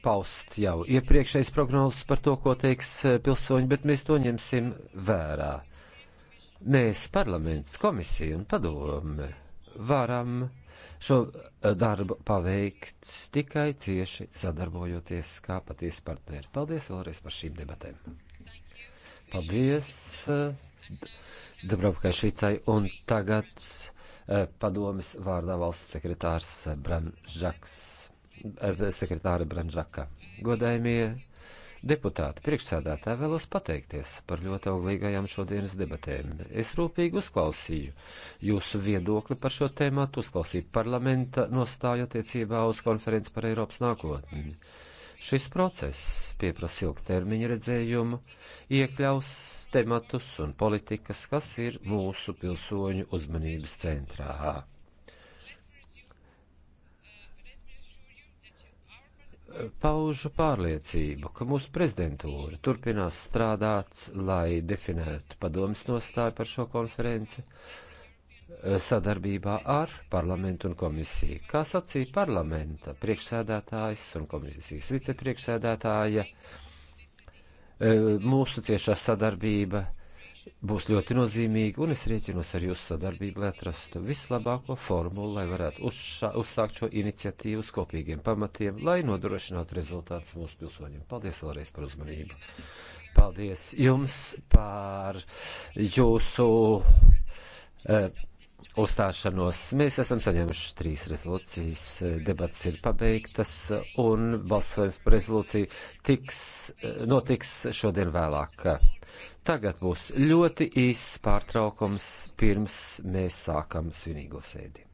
paust jau iepriekšējas prognozes par to, ko teiks eh, pilsoņi, bet mēs to ņemsim vērā. Mēs, parlaments, komisija un padome, varam uh, šo eh, darbu paveikt tikai cieši sadarbojoties kā patiesi partneri. Paldies vēlreiz par šīm debatēm. Paldies eh, Dubravkai Švicai un tagad eh, padomis vārdā valsts sekretārs Branžaks, sekretāra Branžaka. Godējumie Deputāti, priekšsēdētāji vēlos pateikties par ļoti auglīgajām šodienas debatēm. Es rūpīgi uzklausīju jūsu viedokli par šo tēmatu, uzklausīju parlamenta nostāju attiecībā uz konferenci par Eiropas nākotni. Šis process pieprasa ilgtermiņa redzējumu, iekļaus tematus un politikas, kas ir mūsu pilsoņu uzmanības centrā. paužu pārliecību, ka mūsu prezidentūra turpinās strādāt, lai definētu padomas nostāju par šo konferenci eh, sadarbībā ar parlamentu un komisiju. Kā sacīja parlamenta priekšsēdētājs un komisijas vicepriekšsēdētāja, eh, mūsu ciešā sadarbība būs ļoti nozīmīga, un es rēķinos ar jūsu sadarbību, lai atrastu vislabāko formulu, lai varētu uzšā, uzsākt šo iniciatīvu uz kopīgiem pamatiem, lai nodrošinātu rezultātus mūsu pilsoņiem. Paldies vēlreiz par uzmanību! Paldies jums par jūsu uh, uzstāšanos. Mēs esam saņēmuši trīs rezolūcijas, debats ir pabeigtas, un balsojums par rezolūciju tiks, eh, notiks šodien vēlāk. Tagad būs ļoti īsts pārtraukums, pirms mēs sākam svinīgo sēdi.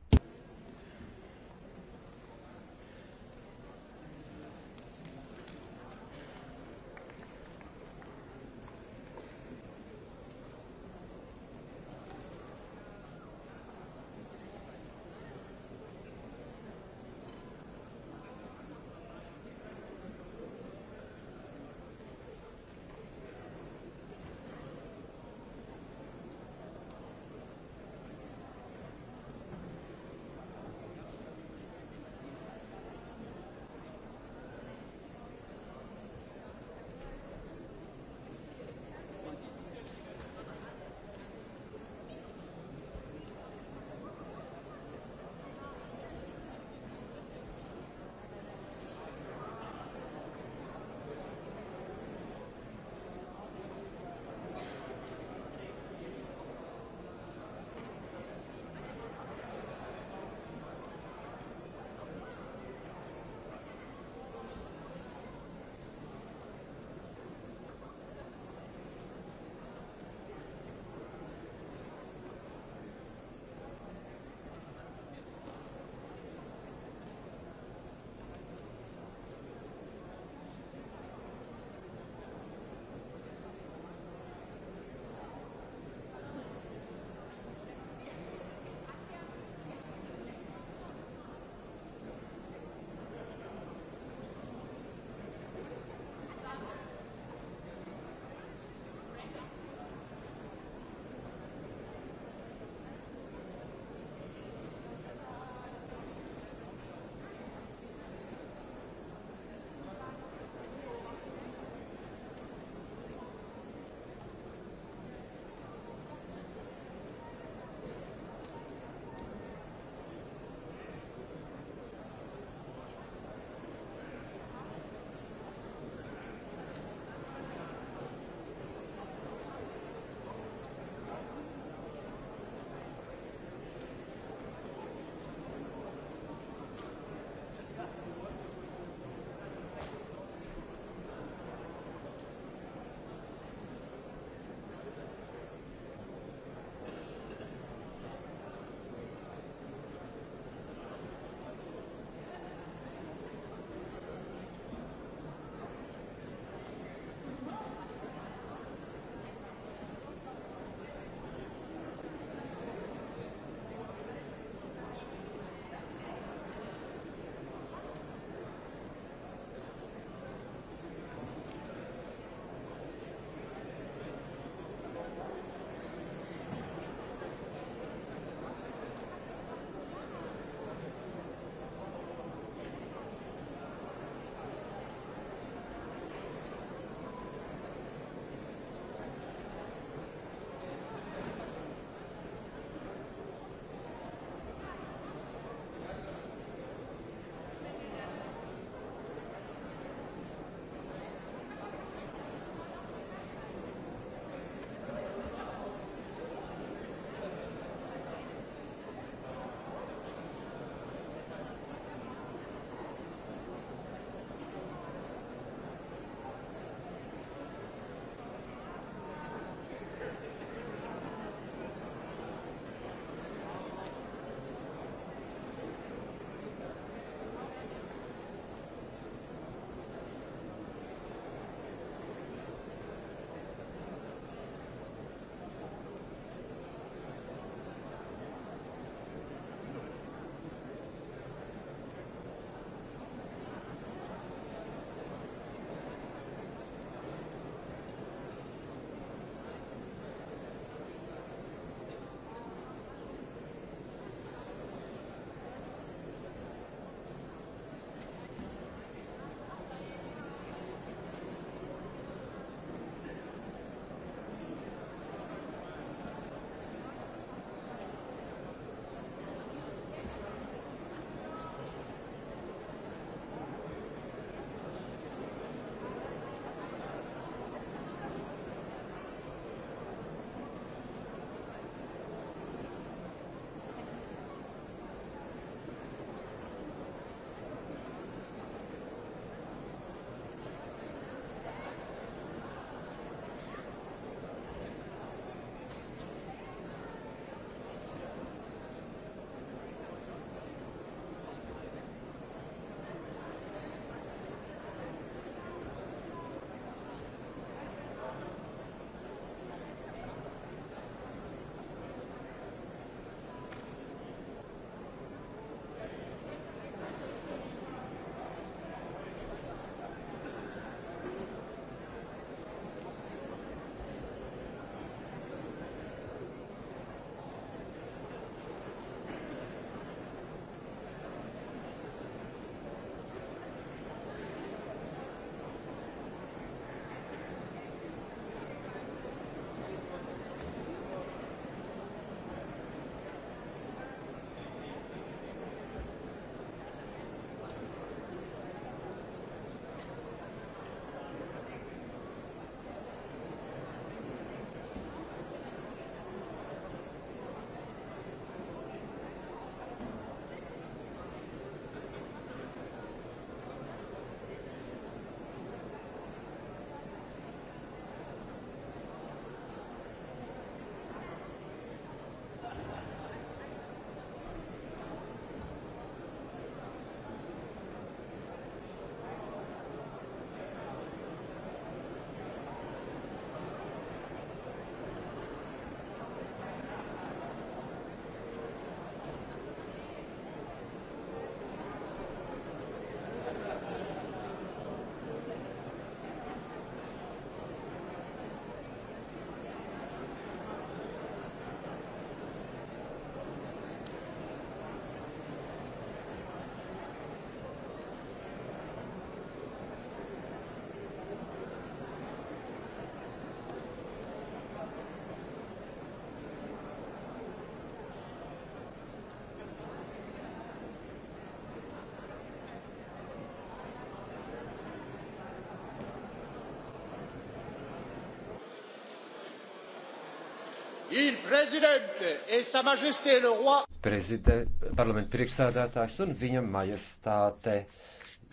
Il presidente e sa majesté le roi. Prezide, parlamenta priekšsēdētājs un viņa majestāte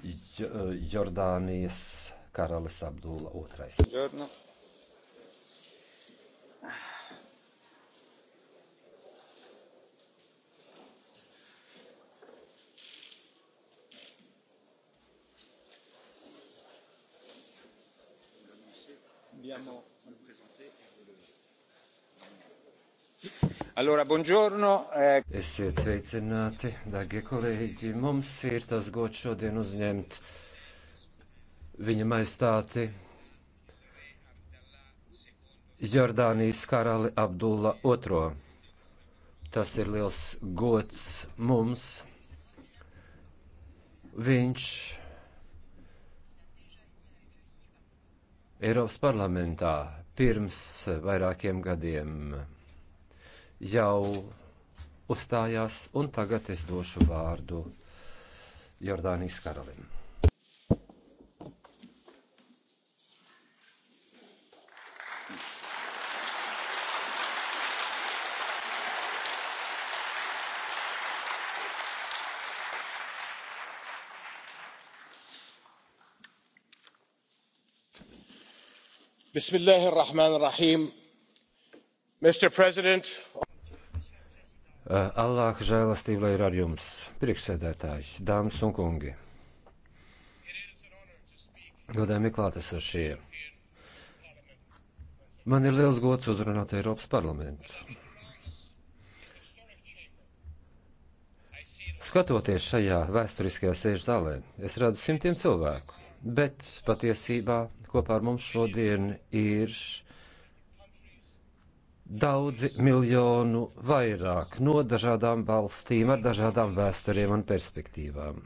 eh, Jordānijas karalis Abdullah II. Buongiorno. Abbiamo Allora, buongiorno. Eh. Esiet sveicināti, darbie kolēģi. Mums ir tas gods šodien uzņemt viņa maistāti Jordānijas karali Abdulla II. Tas ir liels gods mums. Viņš Eiropas parlamentā pirms vairākiem gadiem jau uzstājās, un tagad es došu vārdu Jordānijas karalim. Bismillahir Rahmanir Rahim. Mr. President, Eh, Allāha žēlastība lai ir ar jums, priekšsēdētājs, dāmas un kungi. Godējumi klātesošie. Man ir liels gods uzrunāt Eiropas parlamentu. Skatoties šajā vēsturiskajā sēžu zālē, es redzu simtiem cilvēku, bet patiesībā kopā ar mums šodien ir daudzi miljonu vairāk no dažādām valstīm ar dažādām vēsturiem un perspektīvām.